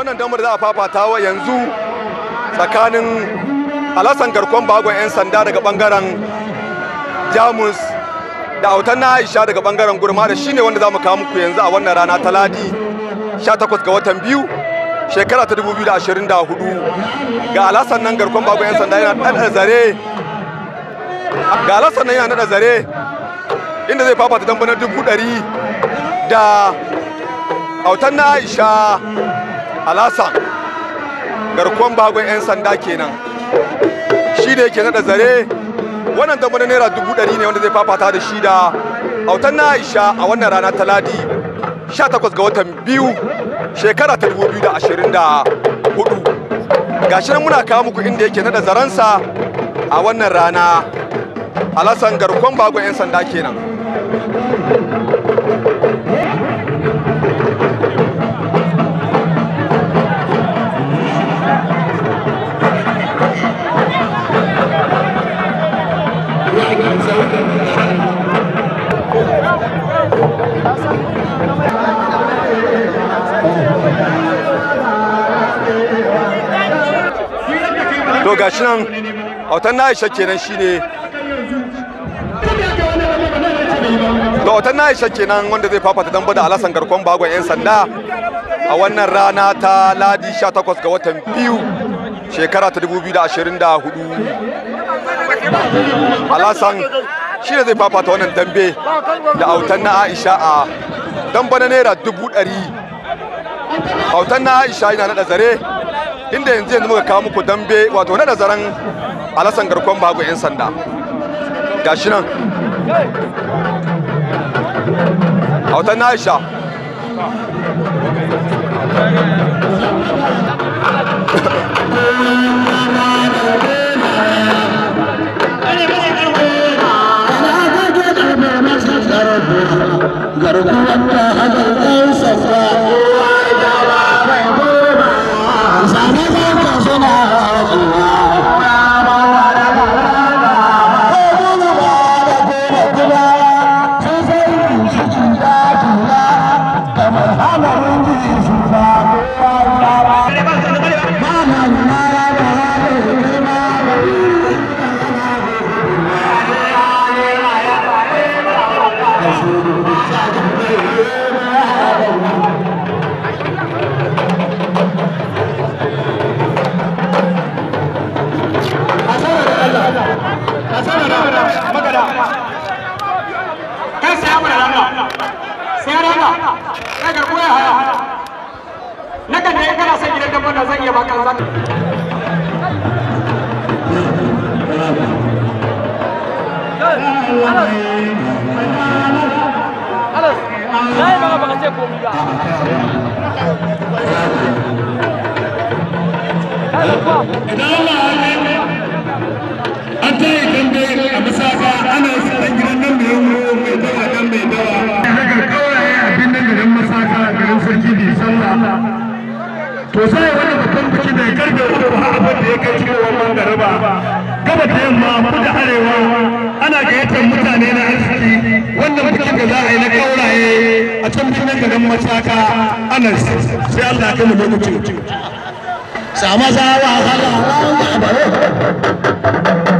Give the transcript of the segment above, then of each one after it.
wannan damar za a wa yanzu tsakanin alasan garkon bagon 'yan sanda daga bangaren jamus da autan na aisha daga bangaren gurma da shine wanda za mu kawo muku yanzu a wannan rana ta ladi 18 ga watan biyu shekara ta 2024 ga alasan nan garkon bagon 'yan sanda yana ɗaɗa zare ga alasan nan yana ɗaɗa zare inda zai fafata dambanar dubu ɗari da autan na aisha alasa garkon bagon 'yan sanda kenan shi ne yake nada zare wannan damba na naira dubu ɗari ne wanda zai fafata da shi da autan na aisha a wannan rana ta ladi 18 ga watan biyu shekara ta 2024 gashi nan muna kawo muku inda yake nada zaransa a wannan rana alasan garkon bagon 'yan sanda kenan to gashi nan autan na aisha kenan shine da wutan na aisha kenan wanda zai fafata damba da alasan garkon bagon 'yan sanda a wannan rana ta ladi 18 ga watan biyu shekara ta 2024 alasan shi ne zai fafata wannan dambe da autan na aisha a damba na naira dubu ɗari autan na aisha yana naɗa zare inda yanzu yanzu muka kawo muku dambe wato na nazarin alasan garkon bago 'yan sanda gashi nan hautar na aisha garkuwar da haɗar ɗan safra na yi maka baka ce komi ba a masaka gidan nan mai garin garin sarki bai sallah to sai wani babban biki da ya karbe uku ba abin da ya kai cikin wannan garaba gaba da yamma kudu arewa ana gayyatar mutane na arziki wannan bikin da za a yi na kauraye a can birnin garin mataka anas sai Allah ya kai mu lokaci sama zawa hala Allah baro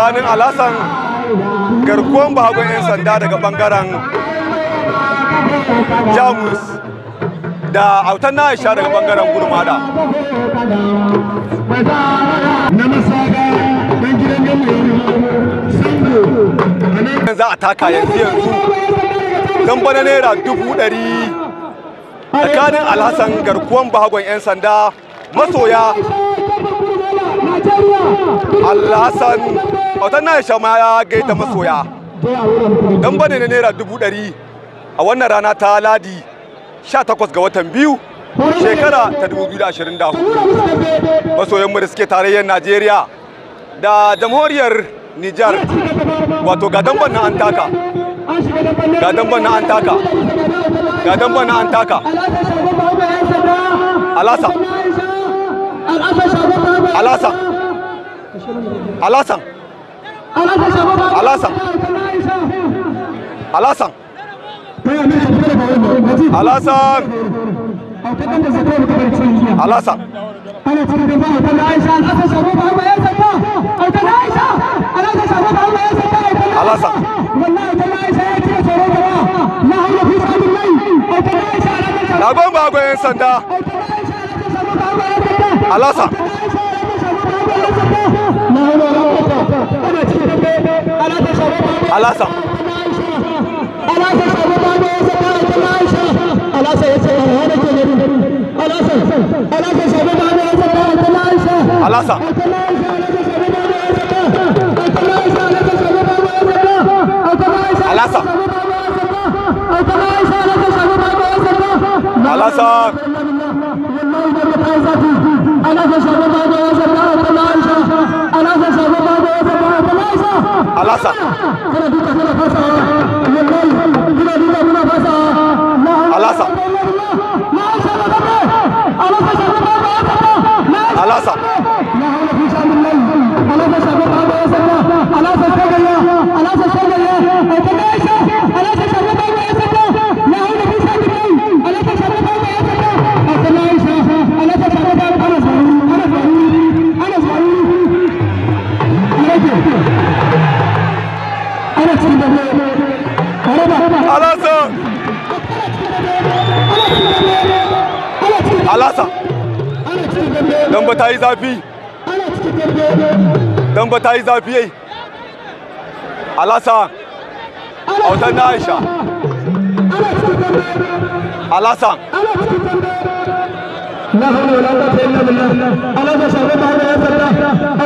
tsakanin alasan garkuwan bahagon 'yan sanda daga bangaren jamus da autan na isha daga bangaren gurmada za a taka yanzu yanzu don bana naira dubu ɗari tsakanin alhassan garkuwan bahagon 'yan sanda masoya alhassan Autan na Aisha ya gaida masoya. Dan bane na naira dubu ɗari a wannan rana ta Ladi 18 ga watan biyu shekara ta 2024. Masoyanmu da suke tarayyar Najeriya da jamhuriyar Nijar wato ga damban na an taka. Ga damban na an taka. Ga damban na an taka. Alasa. Alasa. Alasan. alasan alasan alasan alasan alasan Laban bagon 'yan sanda. Alasan. alasa alasa sabo ba ne ya saka ta Aisha alasa ya ce ya ne ke ne alasa alasa sabo ba ne ya saka ta Aisha alasa alasa alasa alasa sabo ba ne ya alasa damba ta yi zafi damba ta yi zafi yai alasa autan na aisha alasa لا حول ولا قوة إلا بالله ألا تشهد بعد يا سلام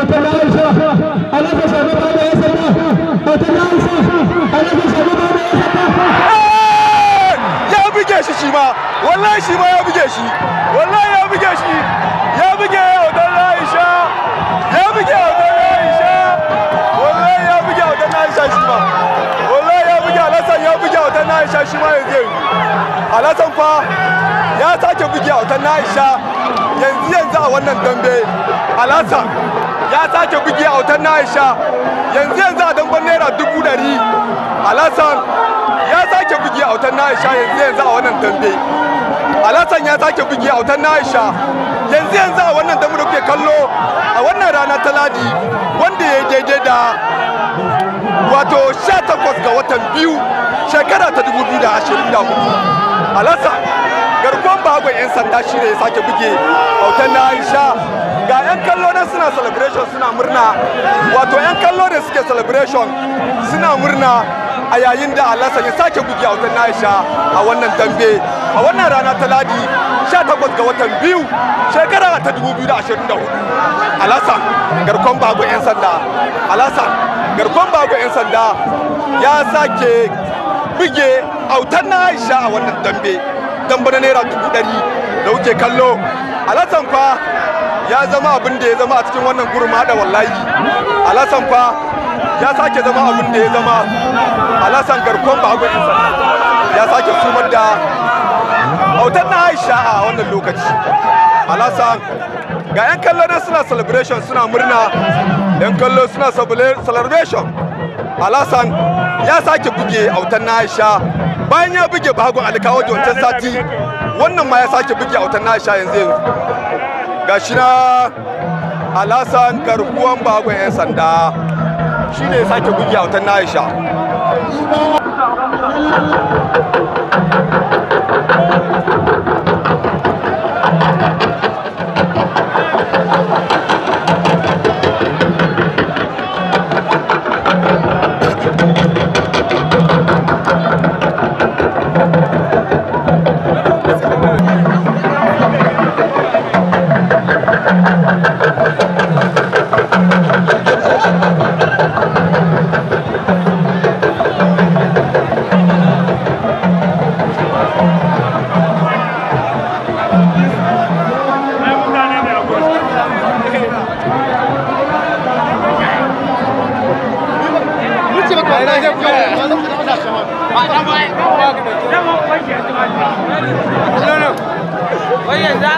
أتنا عيشة ألا تشهد بعد يا سلام أتنا عيشة ألا تشهد بعد يا سلام buge shi shi ma wallahi shi ma ya buge shi wallahi ya buge shi ya buge autan Aisha ya buge autan Aisha wallahi ya buge autan Aisha shi ma wallahi ya buge Alasan ya buge autan Aisha shi ma yanzu yanzu Alasan fa ya sake buge autan Aisha yanzu yanzu a wannan dambe Alasan ya sake buge autan Aisha yanzu yanzu a damben naira dubu ɗari Alasan ya sake bugi a wutan Aisha yanzu yanzu a wannan dambe Alasan ya sake bugi a wutan Aisha yanzu yanzu a wannan dambe da kuke kallo a wannan rana ta Ladi wanda ya daidai da wato sha takwas ga watan biyu shekara ta dubu biyu da da ashirin hudu Alasa garkon bagon 'yan sanda shi ne ya sake buge a wutan Aisha ga 'yan kallo nan suna celebration suna murna wato 'yan kallo da suke celebration suna murna a yayin da Allah ya sake bugi a na aisha a wannan dambe a wannan rana ta ladi 18 ga watan biyu shekara ta 2024 alasa garkon bago 'yan sanda alasa garkon bago 'yan sanda ya sake buge autan na aisha a wannan dambe dambe na naira dubu ɗari da wuke kallo alhassan fa ya zama abin da ya zama a cikin wannan gurma da wallahi alhassan fa ya sake zama abin da ya zama alasan garkon ba agwai insa ya sake sumar da autar na aisha a wannan lokaci alasan ga 'yan kallo na suna celebration suna murna 'yan kallo suna celebration alasan ya sake buge autar na aisha bayan ya buge bagon alkawo da wancan sati wannan ma ya sake buge autar na aisha yanzu yanzu ga shi na alasan garkuwan bagon 'yan sanda ne ya sake gugiya wutan na Aisha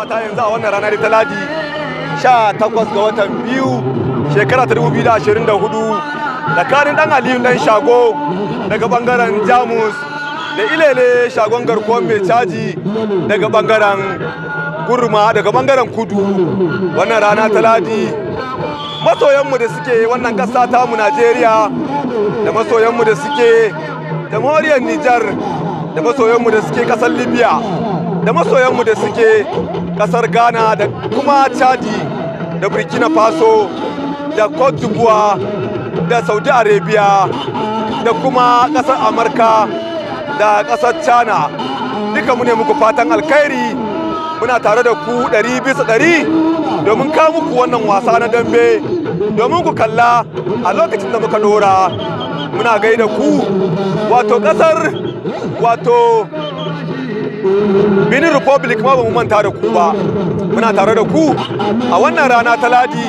fata yanzu a wannan ranar ta sha takwas ga watan biyu shekara ta dubu da da ashirin da tsakanin dan aliyu dan shago daga bangaren jamus da ilele shagon garkuwar mai caji daga bangaren gurma daga bangaren kudu wannan rana ta ladi masoyanmu da suke wannan kasa tamu najeriya da masoyanmu da suke jamhuriyar nijar da masoyanmu da suke kasar libya da masoyanmu da suke kasar ghana da kuma chadi da burkina faso da cote d'ivoire da saudi arabia da kuma kasar amurka da kasar china duka mu ne muku fatan alkhairi muna tare da ku ɗari bisa ɗari domin ka muku wannan wasa na dambe domin ku kalla a lokacin da muka dora muna gaida ku wato kasar wato Benin Republic ma ba mu manta da ku ba muna tare da ku a wannan rana ta ladi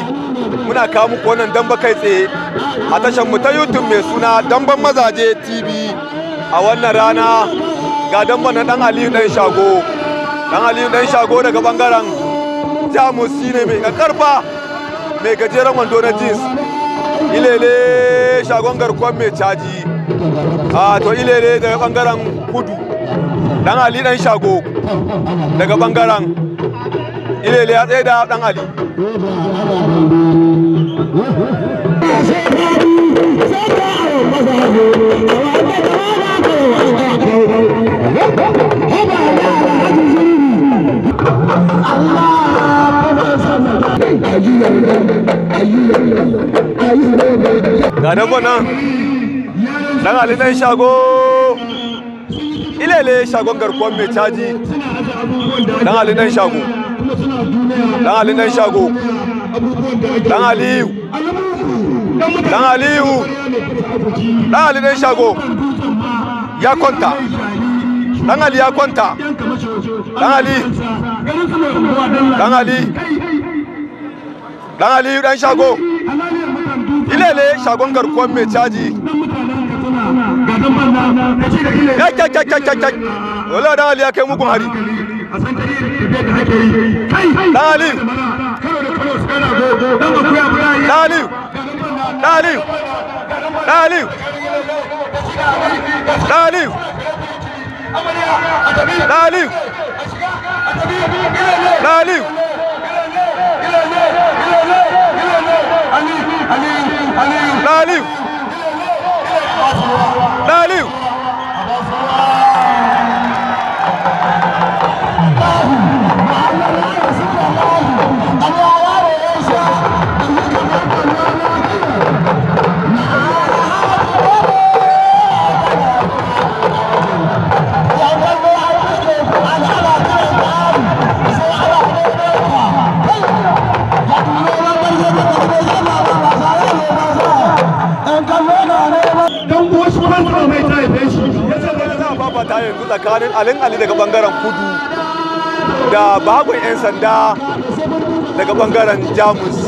muna kawo muku wannan damba kai tsaye a tashar mu ta YouTube mai suna Damban Mazaje TV a wannan rana ga damba na dan Aliyu dan Shago dan Aliyu dan Shago daga bangaren Jamus shine mai karfa mai gajeren wando na jeans ilele shagon garkon mai caji a ah, to ilele daga bangaren kudu dan ali dan shago daga bangaren ilele ya tsaye da dan ali ga dago nan ali dan shago ilele shagon garkuwar mai caji dan ali nan shago dan ali nan shago dan aliyu dan aliyu dan ali nan shago ya kwanta dan ali ya kwanta dan ali dan ali dan aliyu dan shago ilele shagon garkuwar mai caji dan banna da ali mugun hari bangaren kudu da bahagun 'yan sanda daga bangaren jamus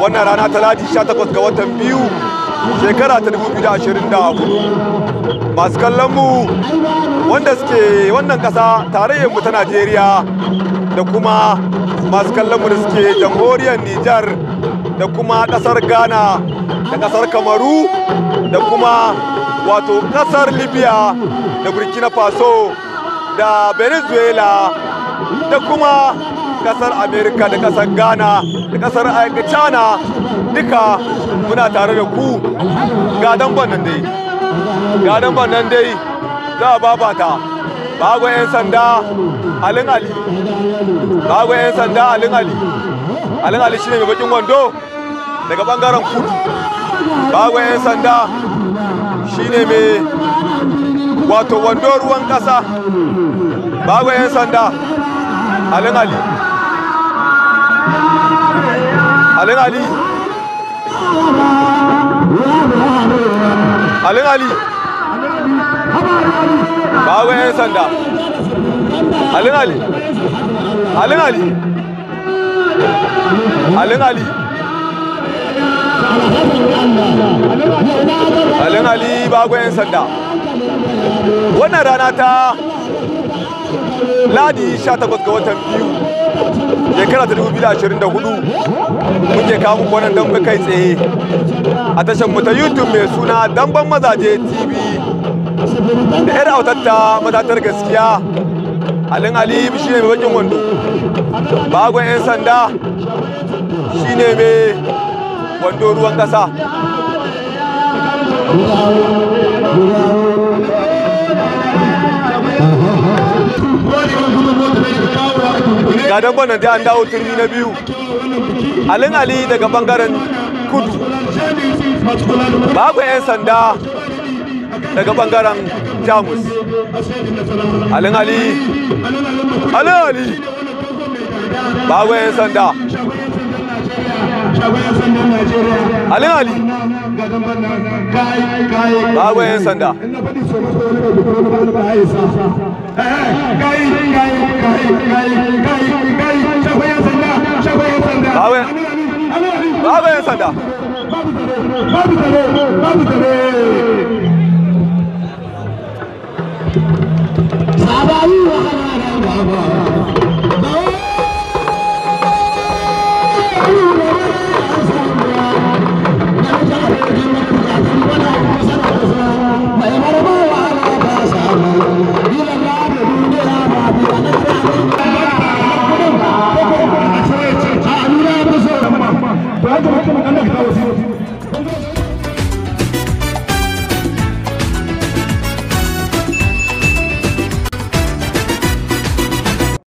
wannan rana ta ladi 18 ga watan biyu shekara ta 2024 masu kallon mu wanda suke wannan kasa tarayyar mu ta najeriya da kuma masu kallon mu da suke jamhuriyar nijar da kuma kasar ghana da kasar kamaru da kuma wato kasar libya da burkina faso da venezuela da kuma kasar america da kasar ghana da kasar china duka muna tare da ku ga damban nan dai ga damban nan dai za a babata bago 'yan sanda alin ali bago 'yan sanda alin ali alin ali shine mai bakin wando daga bangaren kudu bago 'yan sanda shine mai wato wando ruwan ƙasa babu 'yan sanda alin ali alin ali alin ali babu 'yan sanda alin ali alin ali alin ali alin ali babu 'yan sanda wannan rana ta ladi 18 ga watan biyu shekara ta 2024 muke kawo muku wannan dambe kai tsaye a tashar mu ta youtube mai suna damban mazaje tv da yar autatta matatar gaskiya alin ali shi ne mai bakin wando bagon 'yan sanda shi ne mai wando ruwan kasa ga damban nan an dawo turmi na biyu alin ali daga bangaren kudu babu 'yan sanda daga bangaren jamus alin ali alin ali babu 'yan sanda alin ali babu yan sanda sanda